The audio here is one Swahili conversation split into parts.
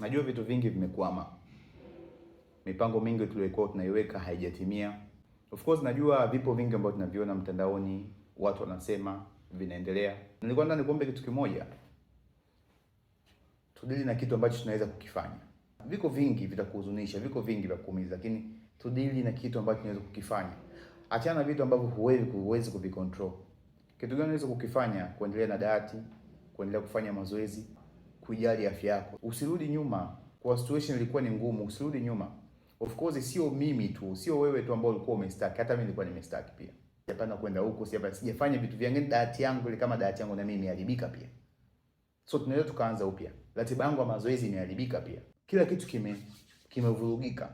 Najua vitu vingi vimekwama, mipango mingi tuliyokuwa tunaiweka haijatimia. Of course najua vipo vingi ambavyo tunaviona mtandaoni, watu wanasema vinaendelea. Nilikuwa nataka nikuombe kitu kimoja, tudili na kitu ambacho tunaweza kukifanya. Viko vingi vitakuhuzunisha, viko vingi vya kuumiza, lakini tudili na kitu ambacho tunaweza kukifanya. Achana vitu ambavyo huwezi huwezi kuvicontrol. Kitu gani unaweza kukifanya? Kuendelea na dieti, kuendelea kufanya mazoezi kujali afya yako. Usirudi nyuma kwa situation ilikuwa ni ngumu, usirudi nyuma. Of course sio mimi tu, sio wewe tu ambao ulikuwa umestaki, hata mimi nilikuwa nimestaki pia. Sijapanda kwenda huko, sijapanda sijafanya vitu vyangu, yaani diet yangu ile kama diet yangu na mimi imeharibika pia. So tunaweza tukaanza upya. Ratiba yangu ya mazoezi imeharibika pia. Kila kitu kime kimevurugika.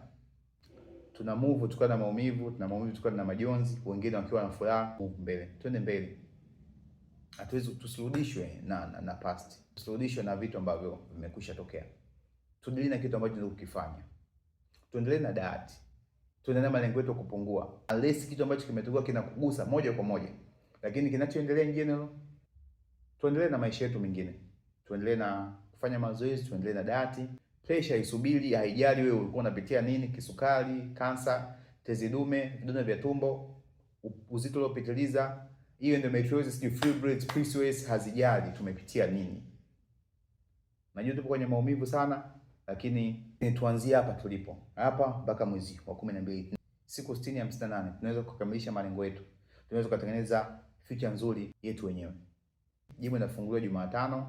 Tuna move tukiwa na maumivu, tuna maumivu tukiwa na majonzi, wengine wakiwa na furaha, move mbele. Twende mbele hatuwezi tusirudishwe na, na, na past, tusirudishwe na vitu ambavyo vimekwisha tokea. Tuendelee na kitu ambacho tunataka kukifanya, tuendelee na diet, tuendelee na malengo yetu kupungua, unless kitu ambacho kimetokea kinakugusa moja kwa moja, lakini kinachoendelea nyingine, general, tuendelee na maisha yetu mengine, tuendelee na kufanya mazoezi, tuendelee na diet. Pressure isubiri, haijali wewe ulikuwa unapitia nini, kisukari, kansa, tezi dume, vidonda vya tumbo, uzito uliopitiliza hiyo endometriosis, ni fibroids, psoas, hazijali tumepitia nini. Najua tupo kwenye maumivu sana, lakini tuanzie hapa tulipo hapa mpaka mwezi wa 12 mbili, siku sitini tunaweza kukamilisha malengo yetu, tunaweza kutengeneza future nzuri yetu wenyewe. Jimu inafunguliwa Jumatano.